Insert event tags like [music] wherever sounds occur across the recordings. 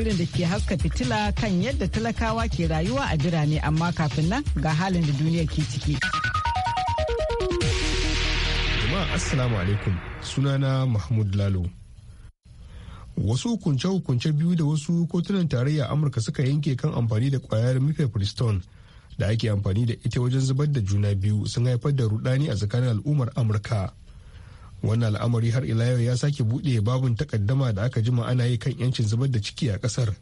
shirin da ke haska fitila kan yadda talakawa ke rayuwa a birane amma kafin nan ga halin da duniya ke ciki. Jama'a Assalamu alaikum sunana Mahmud Lalo. Wasu hukunce-hukunce biyu da wasu kotunan tarayya Amurka suka yanke kan amfani da kwayar mifepristone da ake amfani da ita wajen zubar da juna biyu sun haifar da rudani a tsakanin al'ummar Amurka. wannan al'amari har ila yau ya sake buɗe babun takaddama da aka jima ana yi kan yancin zubar da ciki a ƙasar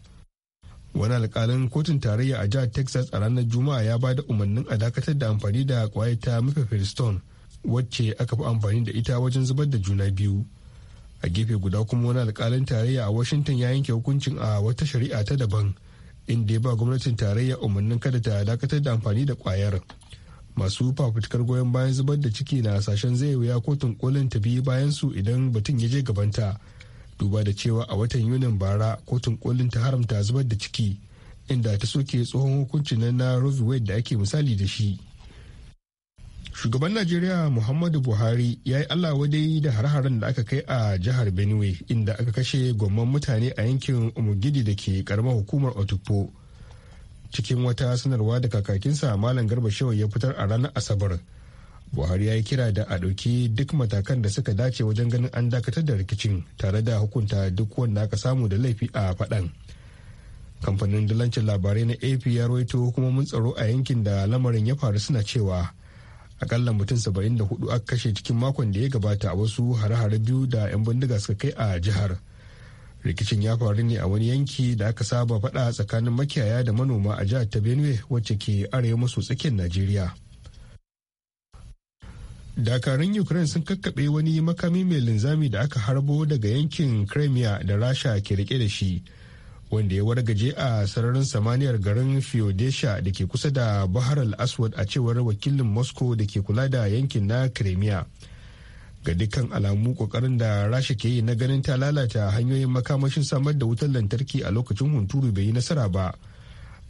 wani alkalin kotun tarayya a jihar texas a ranar juma'a ya ba da umarnin a dakatar da amfani da kwaya ta mifefiriston wacce aka fi amfani da ita wajen zubar da juna biyu a gefe guda kuma wani alkalin tarayya a washington ya yanke hukuncin a wata shari'a ta daban inda ya ba gwamnatin tarayya umarnin kada ta dakatar da amfani da kwayar masu fafutukar goyon bayan zubar da ciki na hasashen zai wuya kotun kolin ta biyu bayan su idan batun ya je gabanta duba da cewa a watan yunin bara kotun kolin ta haramta zubar da ciki inda ta soke tsohon hukuncin na roe wade da ake misali da shi shugaban najeriya muhammadu buhari ya yi allah wadai da har-haren da aka kai a jihar benue inda aka kashe gwamman mutane a yankin umugidi da ke karamar hukumar otukpo cikin wata sanarwa da kakakinsa malam garba shehu ya fitar a ranar asabar buhari ya yi kira da a ɗauki duk matakan da suka dace wajen ganin an dakatar da rikicin tare da hukunta duk wanda aka samu da laifi a faɗan kamfanin dalancin labarai na ap ya rawaito kuma mun tsaro a yankin da lamarin ya faru suna cewa akalla mutum hudu aka kashe cikin makon da ya gabata a wasu hare-hare biyu da 'yan bindiga suka kai a jihar rikicin ya faru ne a wani yanki da aka saba faɗa tsakanin makiyaya da manoma a jihar ta benue wacce ke arewa maso tsakin najeriya dakarun ukraine sun kakkaɓe wani makami mai linzami da aka harbo daga yankin crimea da rasha ke rike da shi wanda ya wargaje a sararin samaniyar garin feodesha da ke kusa da bahar al-aswad a cewar wakilin moscow da ke kula da yankin na crimea ga dukkan alamu kokarin da rasha ke yi na ganin ta lalata hanyoyin makamashin samar da wutar lantarki a lokacin hunturu bai yi nasara ba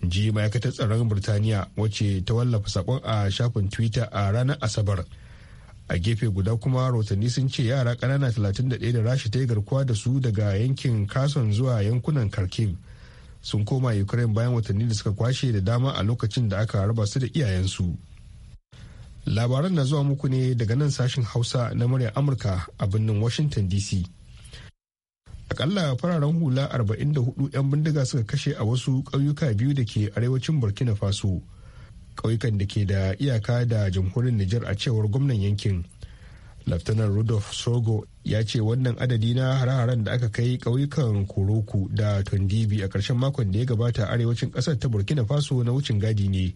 ji ma'aikatar tsaron birtaniya wacce ta wallafa sakon a shafin twitter a ranar asabar a gefe guda kuma rahotanni sun ce yara kanana 31 da rasha ta yi garkuwa da su daga yankin kason zuwa yankunan kharkiv sun koma ukraine bayan watanni da suka kwashe da dama a lokacin da aka raba su da iyayensu labaran na zuwa muku ne daga nan sashen hausa na muryar amurka a birnin washington dc akalla fararen hula 44 'yan bindiga suka kashe a wasu ƙauyuka biyu da ke arewacin burkina faso ƙauyukan da ke da iyaka da jamhurin niger a cewar gwamnan yankin laftanar rudolf sogo ya ce wannan adadi na hare-haren da aka kai ƙauyukan koroku da tondibi a karshen makon da ya gabata arewacin ƙasar ta burkina faso na wucin gadi ne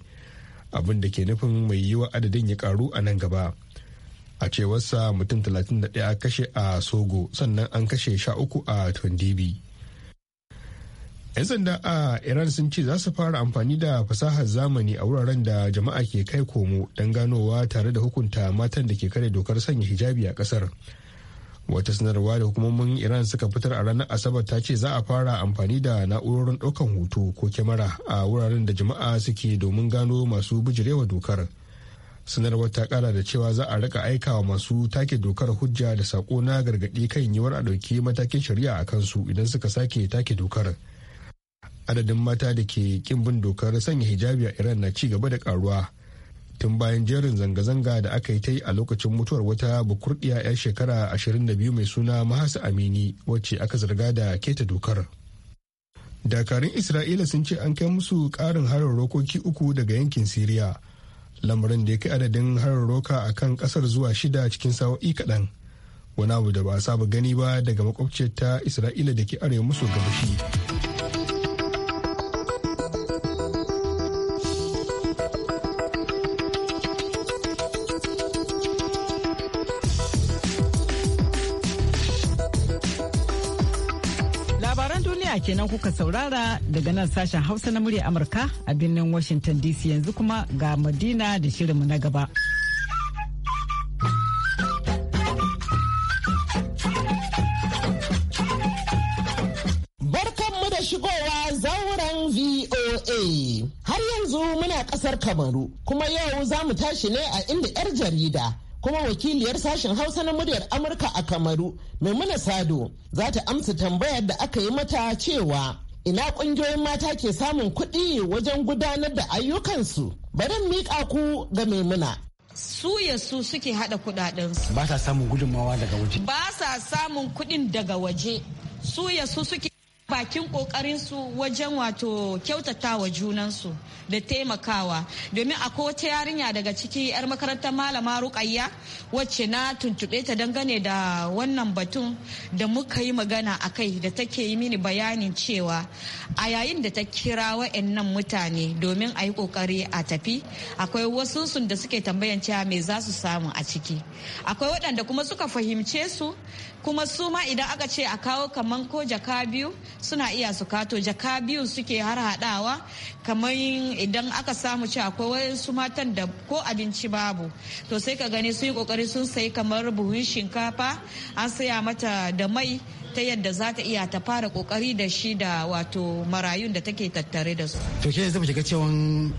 abin da ke nufin mai yiwa adadin ya karu a nan gaba a cewarsa mutum 31 a kashe a sogo sannan an kashe 13 a tundibi yan sanda a iran sun ce za su fara amfani da fasahar zamani a wuraren da jama'a ke kai komo don ganowa tare da hukunta matan da ke kare dokar sanya hijabi a kasar. wata sanarwa da hukumomin iran suka fitar a ranar asabar ta ce za a fara amfani da na'urorin ɗaukan hoto ko kyamara a wuraren da jama'a suke domin gano masu bijirewa dokar sanarwar ta kara da cewa za a rika wa masu take dokar hujja da sako na gargaɗi kan yiwuwar a ɗauki matakin shari'a a kansu idan suka sake take dokar adadin mata da ke kin dokar sanya hijabi a iran na ci gaba da karuwa tun bayan jerin zanga-zanga da aka yi ta yi a lokacin mutuwar wata bukurdiya 'yan shekara 22 mai suna mahasa amini wacce aka zarga da keta dokar dakarun isra'ila sun ce an kai musu karin harin rokoki uku daga yankin siriya lamarin da ya kai adadin harin roka a kan kasar zuwa shida cikin sawa'i kaɗan wani abu da ba saba gani ba daga makwabciyar ta isra'ila da ke arewa maso gabashi kenan kuka saurara daga nan sashen Hausa na murya Amurka a birnin Washington DC yanzu kuma ga Madina da shirinmu na gaba. Barkanmu da shigowa zauren VOA. Har yanzu muna kasar Kamaru kuma yau za mu tashi ne a inda 'yar jarida. kuma wakiliyar sashen hausa na muryar amurka a kamaru maimuna sado za ta amsa tambayar da aka yi mata cewa ina kungiyoyin mata ke samun kuɗi wajen gudanar da ayyukansu barin miƙa ku ga maimuna su ya su suke hada kudaden ba sa samun gudunmawa daga waje ba sa samun kudin daga waje su ya su suke bakin su wajen wato kyautata wa junansu da taimakawa domin akwai wata yarinya daga ciki 'yar makarantar malama rukayya wacce na tuntube ta dangane da wannan batun da muka yi magana a kai da take yi mini bayanin cewa a yayin da ta kira wa'annan mutane domin a yi kokari a tafi akwai wasu sun da suke tambayan cewa me za su samu a ciki akwai waɗanda kuma suka fahimce su kuma su ma idan aka ce a kawo kamar ko jaka biyu suna iya su kato jaka biyu suke har hadawa kamar idan aka samu cewa akwai wasu matan da ko abinci babu to sai ka gani sun yi kokari sun sayi kamar buhun shinkafa an saya mata da mai ta yadda za ta iya ta fara kokari da shi da wato marayun da take tattare da su. To ke zai shiga cewa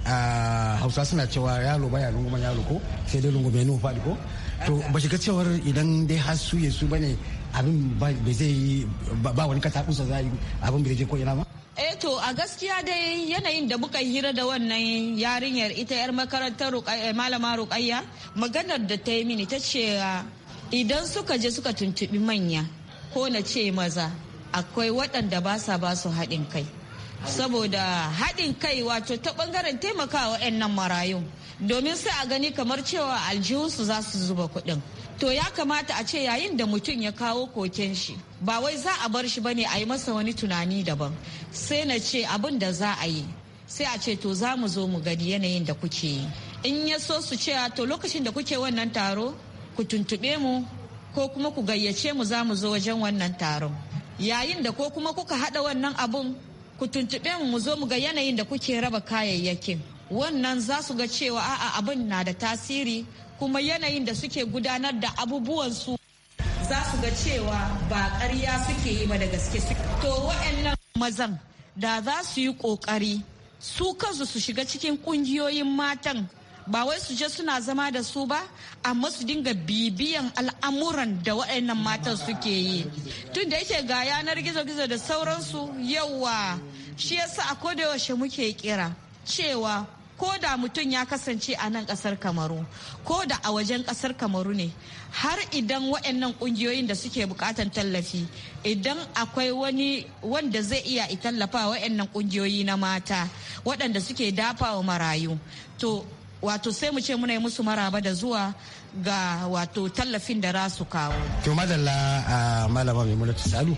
ah, Hausa suna cewa yalo baya ma yalo ko sai dai lungume nufa ko to ba shiga cewar idan dai har su su bane abin ba zai ba wani katakusa za abin bai je ko ina ba eh to a gaskiya dai yanayin da muka hira da wannan yarinyar ita yar makarantar eh, malama rukayya maganar da ta yi mini ta ce ah, idan suka je suka tuntubi manya ko na ce maza akwai waɗanda ba sa ba su haɗin kai saboda haɗin kai wato ta ɓangaren taimakawa 'yan nan marayun domin sai a gani kamar cewa aljihunsu za su zuba kuɗin to ya kamata a ce yayin da mutum ya kawo koken shi ba wai za a bar shi ba ne a yi masa wani tunani daban sai na ce abin da za a yi sai a ce to za mu zo mu gani yanayin da kuke yi in ya so su ce to lokacin da kuke wannan taro ku tuntuɓe mu ko kuma ku gayyace mu za mu zo wajen wannan taron yayin da ko kuma kuka haɗa wannan abun ku tuntuɓe mu mu zo mu ga yanayin da kuke raba kayayyakin wannan za su ga cewa a'a abin na da tasiri kuma yanayin da suke gudanar da abubuwansu za su ga cewa ba ƙarya suke yi ba da gaske to wa'annan mazan da za su yi ƙoƙari su kansu su shiga cikin ƙungiyoyin matan ba wai su je suna zama da su ba amma su dinga bibiyan al'amuran da waɗannan matan suke yi tun da yake ga yanar gizo-gizo da sauransu yawa shi yasa a yaushe muke kira cewa ko da mutum ya kasance a nan kasar kamaru ko da a wajen kasar kamaru ne har idan waɗannan ƙungiyoyin da suke bukatan tallafi idan akwai wani wanda zai iya tallafa waɗannan ƙungiyoyi na mata waɗanda suke dafawa marayu to wato sai mu ce muna yi musu maraba da zuwa ga wato tallafin da za kawo. To madalla a malama mai ta salu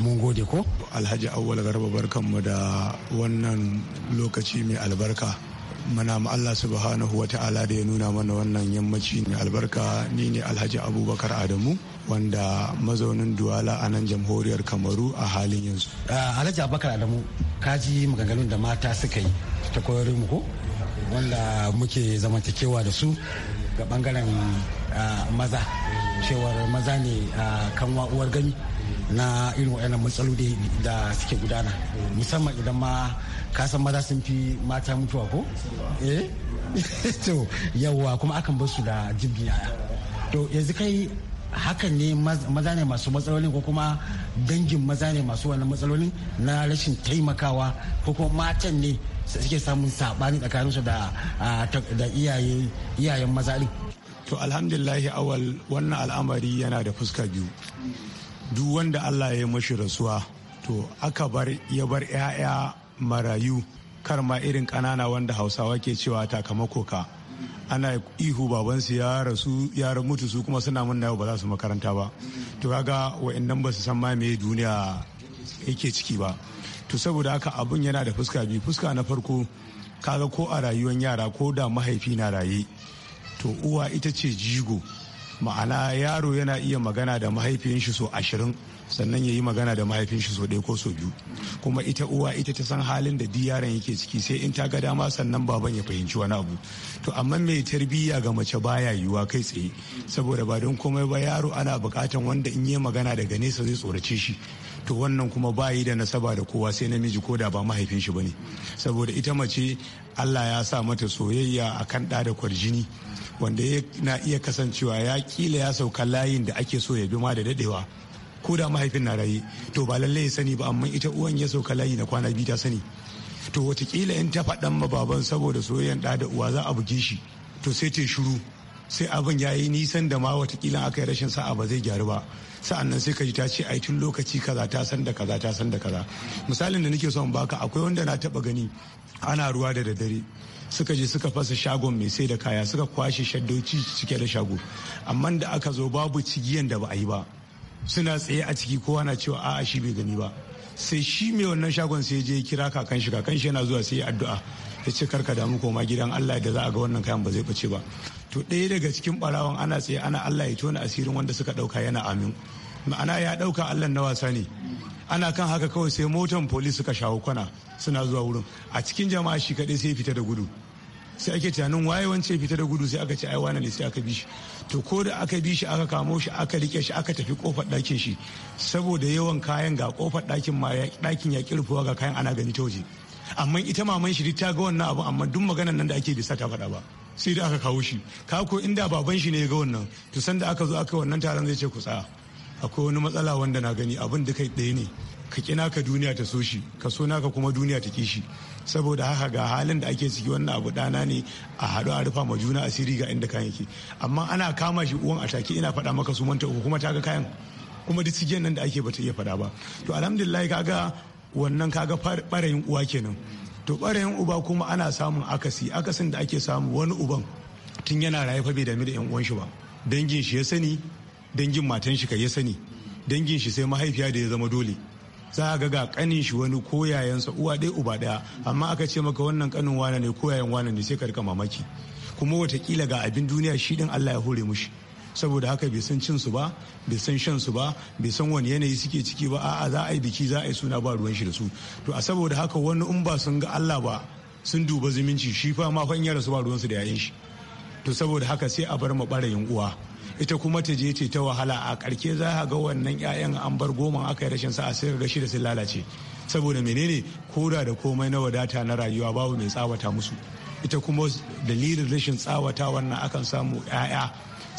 mun gode ko? Alhaji Awwal Garba barkanmu da wannan lokaci mai albarka. Muna ma Allah subhanahu wa ta'ala da ya nuna mana wannan yammaci mai albarka ni ne Alhaji Abubakar Adamu wanda mazaunin Duwala a nan jamhuriyar Kamaru a halin yanzu. Ah, Alhaji Abubakar Adamu ka ji maganganun da mata suka yi ta koyar mu ko wanda muke zamantakewa da su ga bangaren ah, maza cewar maza ne ah, kan uwar gani na irin waɗannan matsaloli da suke gudana musamman idan ma kasan maza sun fi mata mutuwa ko eh [laughs] to yawa kuma akan bar su da jibgin yaya to yanzu kai hakan ne maza ne masu matsalolin ko kuma dangin maza ne masu wannan matsalolin na rashin taimakawa ko kuma matan ne suke samun sabani tsakaninsu da iyayen maza din to alhamdulillah awal wannan al'amari yana da fuska biyu duk wanda allah ya mashi rasuwa to aka bar ya bar 'ya'ya marayu kar ma irin kanana wanda hausawa ke cewa takamako ka ana ihu babansu ya rasu ya mutu su kuma suna mun yau ba za su makaranta ba to kaga wa'annan ba su san ma me duniya yake ciki ba to saboda haka abun yana da fuska biyu fuska na farko kaga ko a rayuwar yara ko da mahaifi na raye to uwa ita ce jigo ma'ana yaro yana iya magana da mahaifiyar shi so ashirin sannan ya yi magana da mahaifin shi ɗaya ko so biyu kuma ita uwa ita ta san halin da di yaron yake ciki sai in ta ga dama sannan baban ya fahimci wani abu to amma mai tarbiyya ga mace baya yiwuwa kai tsaye saboda ba don komai ba yaro ana bukatan wanda in yi magana daga nesa zai tsorace shi to wannan kuma ba yi da nasaba da kowa sai namiji ko da ba mahaifin shi bane saboda ita mace Allah ya sa mata soyayya akan ɗa da kwarjini wanda na iya kasancewa ya kila ya sauka layin da ake so ya bi ma da dadewa ko da mahaifin na raye to ba lallai ya sani ba amma ita uwan ya sauka layi na kwana biyu ta sani to watakila in ta faɗan ma baban saboda soyayyan ɗa da uwa za a buge shi to sai ta shiru sai abin ya yi nisan da ma watakila aka yi rashin sa'a ba zai gyaru ba sa'an nan sai ka ji ta ce ai tun lokaci kaza ta san da kaza ta san da kaza misalin da nake son baka akwai wanda na taɓa gani ana ruwa da daddare suka je suka fasa shagon mai sai da kaya suka kwashe shaddoci cike da shago amma da aka zo babu cigiyan da ba a yi ba suna tsaye a ciki kowa na cewa a'a shi bai gani ba sai shi mai wannan shagon sai je kira kakan shi kakan shi yana zuwa sai ya addu'a ya ce ka damu koma gidan Allah da za a ga wannan kayan ba zai bace ba to ɗaya daga cikin barawan ana tsaye ana Allah ya tona asirin wanda suka ɗauka yana amin ma'ana ya ɗauka Allah na wasa ne ana kan haka kawai sai motan polis suka shawo kwana suna zuwa wurin a cikin jama'a shi kaɗai sai fita da gudu sai ake tunanin waye wance fita da gudu sai aka ci ai wani ne sai aka bi shi to ko da aka bi shi aka kamo shi aka rike shi aka tafi kofar ɗakin shi saboda yawan kayan ga kofar ɗakin ma dakin ya kirfuwa ga kayan ana gani ta waje amma ita maman shi ta ga wannan abu amma duk maganar nan da ake bisa ta faɗa ba sai da aka kawo shi ka ko inda baban shi ne ya ga wannan to sanda aka zo aka wannan taron zai ce ku tsaya akwai wani matsala wanda na gani abin da kai ɗaya ne ka kina ka duniya ta so shi ka so naka kuma duniya ta ki shi saboda haka ga halin da ake ciki wannan abu dana ne a haɗu a rufa ma juna asiri ga inda kayan ke amma ana kama shi uwan a take ina faɗa maka su manta uku kuma ta ga kayan kuma duk cikin nan da ake bata iya faɗa ba to alhamdulillah kaga wannan kaga ɓarayin uwa kenan to ɓarayin uba kuma ana samun akasi akasin da ake samu wani uban tun yana raye fa bai dami da yan uwan shi ba dangin shi ya sani dangin matan shi ka ya sani dangin shi sai mahaifiya da ya zama dole za a ga ga kanin shi wani koyayensa uwa ɗaya uba ɗaya amma aka ce maka wannan kanin wane ne koyayen wane ne sai ka rika mamaki kuma watakila ga abin duniya shi din Allah ya hore mushi saboda haka bai san cin su ba bai san shan su ba bai san wani yanayi suke ciki ba a'a za a yi biki za a yi suna ba ruwan shi da su to a saboda haka wani in ba sun ga Allah ba sun duba zumunci shi fa ma fa in ya rasu ba ruwan su da yayin shi to saboda haka sai a bar ma barayin uwa ita kuma ta je ce ta wahala a karke za a ga wannan 'ya'yan an bar goma aka yi rashin sa'a sai ga da sun lalace saboda menene koda da komai na wadata na rayuwa babu mai tsawata musu ita kuma dalilin rashin tsawata wannan akan samu 'ya'ya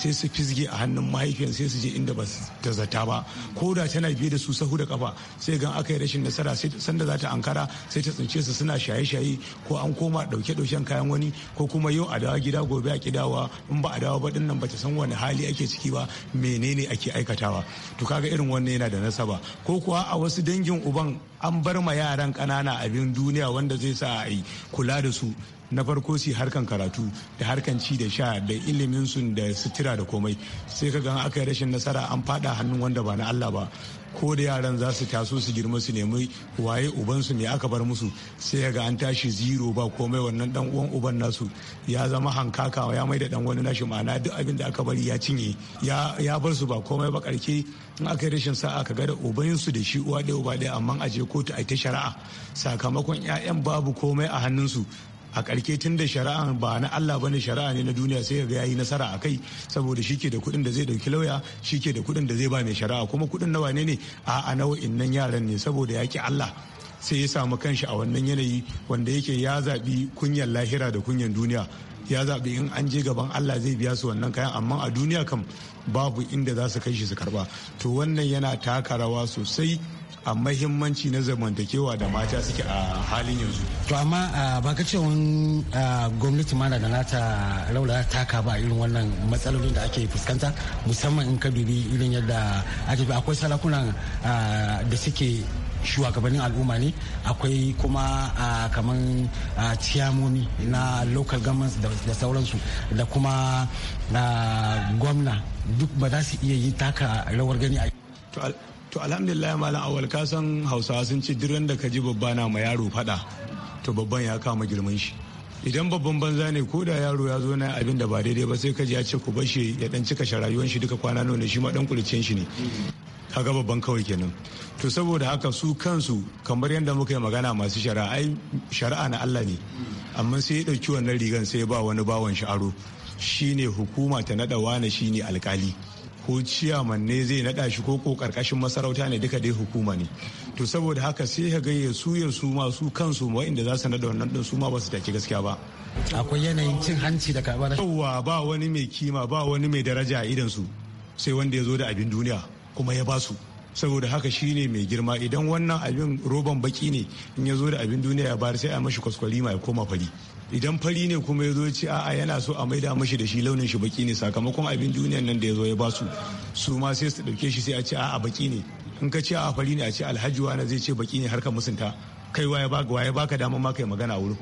sai su fisge a hannun mahaifiyan sai su je inda ba ta zata ba ko da tana biye da su sahu da kafa sai gan aka yi rashin nasara sai sanda za ta ankara sai ta tsince su suna shaye-shaye ko an koma dauke daushen kayan wani ko kuma yau a dawa gida gobe a kidawa in ba a dawa ba dinnan ba ta san wani hali ake ciki ba menene ake aikatawa to kaga irin wannan yana da nasaba ko kuwa a wasu dangin uban an bar ma yaran kanana abin duniya wanda zai sa a yi kula da su na farko su harkan karatu da harkan ci da sha da ilimin su da sutura da komai sai ka ga aka yi rashin nasara an fada hannun wanda ba na Allah ba ko da yaran za su taso su girma su nemi waye ubansu ne aka bar musu sai ga an tashi zero ba komai wannan dan uwan uban nasu ya zama hankaka ya mai da dan wani nashi ma'ana duk abin da aka bari ya cinye ya bar su ba komai ba karke in aka yi rashin sa'a ka ga da ubansu da shi uwa ɗaya uba daya amma a je kotu a ta shari'a sakamakon 'ya'yan babu komai a hannun su. a karke tun da shari'a ba na Allah bane shari'a ne na duniya sai ga yayi nasara a kai saboda shi da kuɗin da zai dauki lauya shi ke da kuɗin da zai ba mai shari'a kuma kuɗin na wane ne a nau'in nan yaran ne saboda yaki Allah sai ya samu kanshi a wannan yanayi wanda yake ya zaɓi kunyan lahira da kunyan duniya ya zabi in an je gaban Allah zai biya su wannan kayan amma a duniya kam babu inda za su kai shi su karba to wannan yana taka rawa sosai a mahimmanci na zamantakewa da mata suke a halin yanzu. To amma ba ka ce wani gwamnati mana da nata raula taka ba irin wannan matsalolin da ake fuskanta musamman in ka dubi irin yadda ake akwai salakunan da suke shugabannin al'umma ne akwai kuma a kamar ciyamomi na local governments da sauransu da kuma gwamna duk ba za su iya yi taka rawar gani a to alhamdulillah malam awal ka san hausawa sun ce duk da ka ji babba na ma yaro fada to babban ya kama girman shi idan babban banza ne ko da yaro ya zo na abin da ba daidai ba sai ji ya ce ku bashi ya dan cika sharayuwan shi duka kwana nawa ne shi ma dan kulicin shi ne kaga babban kawai kenan to saboda haka su kansu kamar yadda muka yi magana masu shari'a ai shari'a na Allah ne amma sai ya ɗauki wannan rigan sai ba wani bawan shi aro shine hukuma ta nada shi ne alkali ko ciyaman ne zai naɗa shi ko ko karkashin masarauta ne duka dai hukuma ne to saboda haka sai ka ga yasu yasu ma su kansu inda za su naɗa wannan ɗin su ma ba su take gaskiya ba akwai yanayin cin hanci da karɓar yawa ba wani mai kima ba wani mai daraja a idan su sai wanda ya zo da abin duniya kuma ya ba su saboda haka shine mai girma idan wannan abin roban baki ne in ya zo da abin duniya ya bayar sai a mashi kwaskwari ya koma fari idan fari ne kuma ya zo ya ce a'a yana so a maida mashi da shi launin shi baki ne sakamakon abin duniyan nan da ya zo ya basu su ma sai su dauke shi sai a ce a'a baki ne in ka ce a'a fari ne a ce alhaji wani zai ce baki ne har ka musunta kai waye baka waye baka dama ma kai magana wurin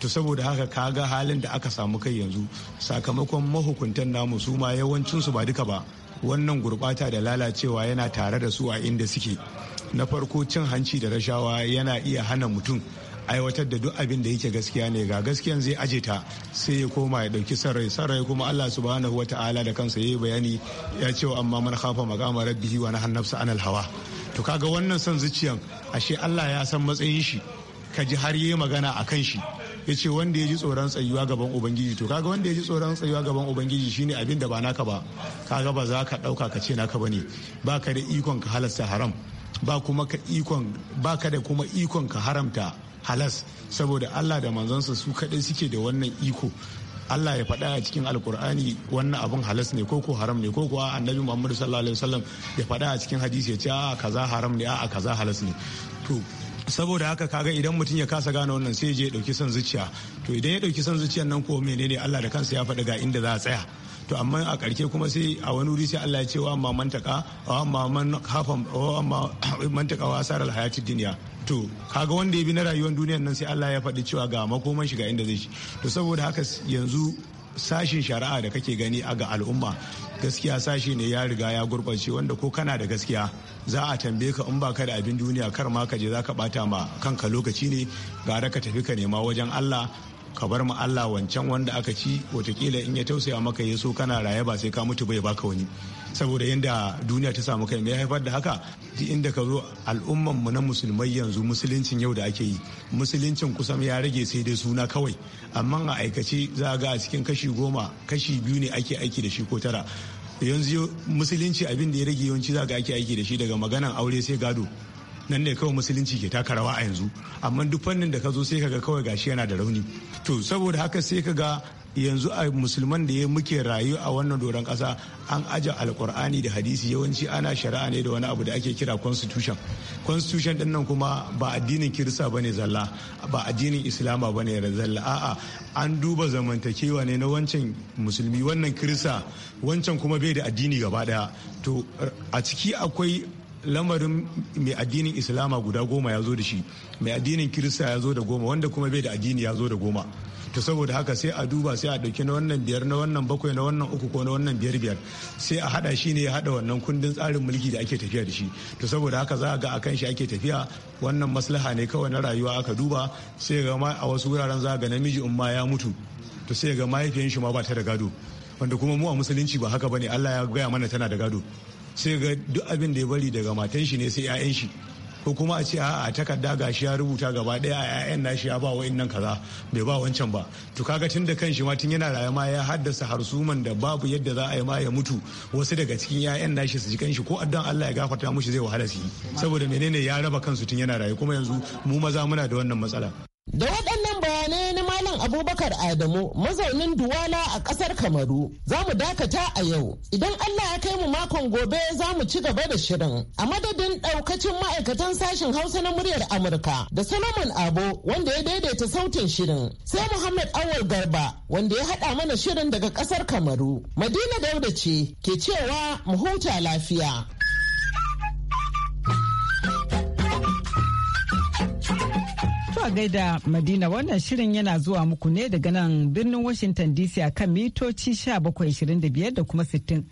to saboda haka ka ga halin da aka samu kai yanzu sakamakon mahukuntan namu su ma su ba duka ba wannan gurbata da lalacewa yana tare da su a inda suke na farko cin hanci da rashawa yana iya hana mutum aiwatar da duk abin da yake gaskiya ne ga gaskiyan zai aje ta sai ya koma ya dauki sarrai sarrai kuma Allah subhanahu wa ta'ala da kansa yayi bayani ya ce amma man khafa maqama rabbihi wa nahana nafsa anil hawa to kaga wannan son zuciyan ashe Allah ya san matsayin shi ka ji har yayi magana akan shi ya ce wanda ya ji tsoron tsayuwa gaban ubangiji to kaga wanda ya ji tsoron tsayuwa gaban ubangiji shine abin da ba naka ba kaga ba za ka dauka ka ce naka bane ba ka da ikon ka halasta haram ba kuma ka ikon ba ka da kuma ikon ka haramta halas saboda Allah da manzansa su kaɗai suke da wannan iko Allah ya faɗa a cikin alkur'ani wannan abin halas ne ko ko haram ne ko kuwa annabi Muhammadu sallallahu alaihi wasallam ya faɗa a cikin hadisi ya ce a kaza haram ne a kaza halas ne to saboda haka kaga idan mutum ya kasa gane wannan sai je ya dauki son zuciya to idan ya dauki son zuciyan nan ko menene Allah da kansa ya faɗa ga inda za a tsaya to amma a ƙarshe kuma sai a wani wuri sai Allah ya ce wa amma mantaka wa amma man hafa wa amma [coughs] mantaka wa asarar hayatid duniya to kaga wanda ya bi na rayuwar duniyar nan sai Allah ya faɗi cewa ga makoman shiga inda zai shi to saboda haka yanzu sashin shari'a da kake gani a ga al'umma gaskiya sashi ne ya riga ya gurɓace wanda ko kana da gaskiya za a tambaye ka in baka da abin duniya kar ma ka je za ka bata ma kanka lokaci ne gara ka tafi ka nema wajen Allah ka bar ma Allah wancan wanda aka ci watakila in ya tausaya maka ya so kana raye ba sai ka mutu bai baka wani saboda yadda duniya ta samu kai mai haifar da haka duk inda ka zo al'umman mu na musulmai yanzu musuluncin yau da ake yi musuluncin kusan ya rage sai dai suna kawai amma a aikace za a ga a cikin kashi goma kashi biyu ne ake aiki da shi ko tara yanzu musulunci abin da ya rage yawanci za ga ake aiki da shi daga maganan aure sai gado nan ne kawai musulunci ke taka rawa a yanzu amma duk fannin da ka zo sai ka ga kawai gashi yana da rauni to saboda haka sai ka ga. yanzu a musulman da ya muke rayu a wannan doron kasa an aja alkur'ani da hadisi yawanci ana shari'a ne da wani abu da ake kira constitution constitution din nan kuma ba addinin kirista ba ne zalla ba addinin islama ba ne zalla a'a an duba zamantakewa ne na wancan musulmi wannan kirista wancan kuma bai da addini gaba daya to a ciki akwai lamarin mai addinin islama guda goma ya zo da shi mai addinin kirista ya zo da goma wanda kuma bai da addini ya zo da goma to saboda haka sai a duba sai a dauki na wannan biyar na wannan bakwai na wannan uku ko na wannan biyar biyar sai a haɗa shi ne ya haɗa wannan kundin tsarin mulki da ake tafiya da shi to saboda haka za a ga akan shi ake tafiya wannan maslaha ne kawai na rayuwa aka duba sai ga ma a wasu wuraren za ga namiji umma ya mutu to sai ga mahaifiyan shi ma ba ta da gado wanda kuma mu a musulunci ba haka bane Allah ya gaya mana tana da gado sai ga duk abin da ya bari daga matan shi ne sai 'ya'yan shi ko kuma a ce a takarda ga shi ya rubuta gaba daya a 'ya'yan nashi ya ba wa'in nan kaza bai ba wancan ba to kaga tun da kan shi ma tun yana rayuwa ma ya haddasa harsuman da babu yadda za a yi ma ya mutu wasu daga cikin 'ya'yan nashi su ji kanshi ko addan Allah ya gafarta mushi zai wahala su yi saboda menene ya raba kansu tun yana rayuwa kuma yanzu mu maza muna da wannan matsala da waɗannan bayanai Abubakar Adamu mazaunin Duwala a ƙasar Kamaru. Za mu dakata a yau. Idan Allah ya kai mu makon gobe za mu ci gaba da shirin. A madadin ɗaukacin ma'aikatan sashen Hausa na muryar Amurka da Solomon Abo wanda ya daidaita sautin shirin. Sai Muhammad Awal Garba wanda ya haɗa mana shirin daga ƙasar Kamaru. Madina Dauda ce ke cewa mu huta lafiya. To a gaida Madina wannan shirin yana zuwa muku ne daga nan birnin Washington DC a kan mitoci 1725 da kuma 60.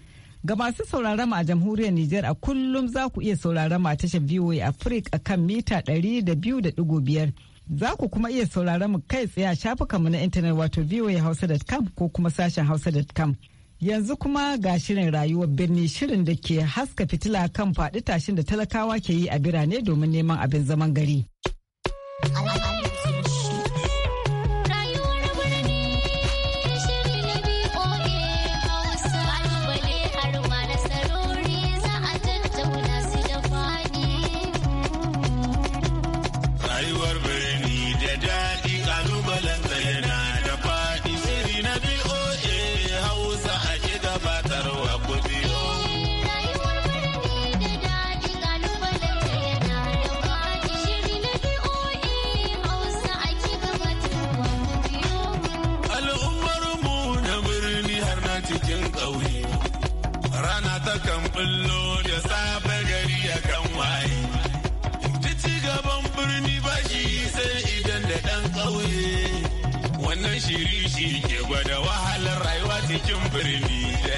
Ga masu sauraron a jamhuriyar niger a kullum za ku iya sauraron a tashar VOA Africa a kan mita 200.5. Za ku kuma iya sauraron mu kai tsaye a shafukanmu na intanet wato voahausa.com ko kuma sashen hausa.com. Yanzu kuma ga shirin rayuwar birni shirin da ke haska fitila kan faɗi tashin da talakawa ke yi a birane domin neman abin zaman gari. Al, al, al. cikin ƙauye rana ta kan bullo da safe gari ya kan waye ta ci gaban birni ba shi sai idan da ɗan ƙauye wannan shiri shi ke gwada wahalar rayuwa cikin birni da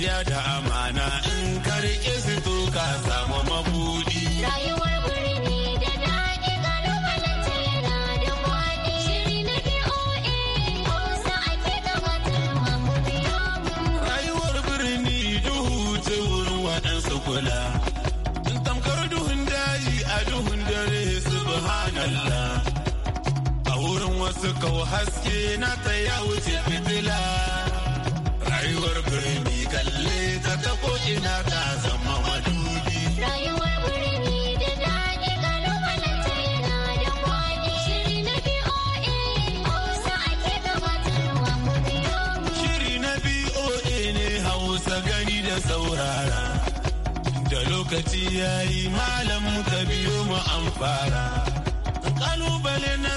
gaskiya da amana in ka su to ka samu mabudi. Rayuwar birni da daɗi na ake birni duhu wurin waɗansu kula. Tamkar duhun daji a duhun dare la. A wurin wasu kawo haske na ta ya wuce fitila. kalle ta ta ko ta zama madubi rayuwar birni da daɗi kalubalen ta yana da kwani shiri na BOA Hausa ake gabatarwa mu biyo shiri na BOA ne Hausa gani da saurara da lokaci ya yi malam ka biyo mu amfara kalubale na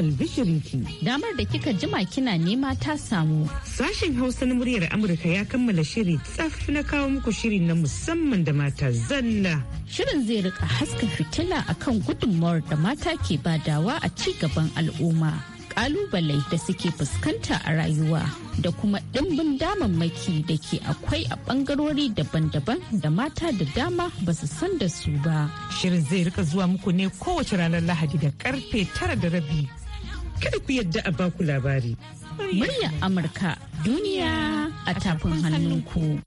ki. Damar da kika jima kina nema ta samu. Sashen Hausa na muryar Amurka ya kammala shiri tsaf na kawo muku shiri na musamman da mata zalla. Shirin zai rika haska fitila a kan gudunmawar da mata ke badawa a ci gaban al'umma. kalubale da suke fuskanta a rayuwa da kuma ɗimbin damammaki da ke akwai a ɓangarori daban-daban da mata da dama ba su san da su ba. Shirin zai rika zuwa muku ne kowace ranar Lahadi da karfe tara da rabi kada ku yadda a baku labari. Murya Amurka duniya a tafin hannunku.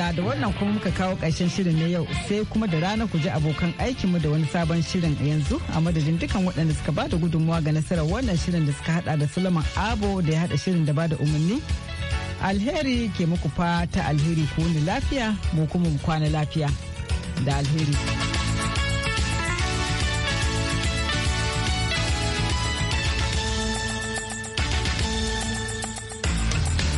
madalla da wannan kuma muka kawo ƙarshen shirin na yau sai kuma da rana ku ji abokan aikinmu da wani sabon shirin yanzu a madadin dukan waɗanda suka bada gudunmawa ga nasarar wannan shirin da suka hada da Suleiman Abo da ya hada shirin da bada umarni. Alheri ke muku fata alheri ku wani lafiya mu kuma mu kwana lafiya da alheri.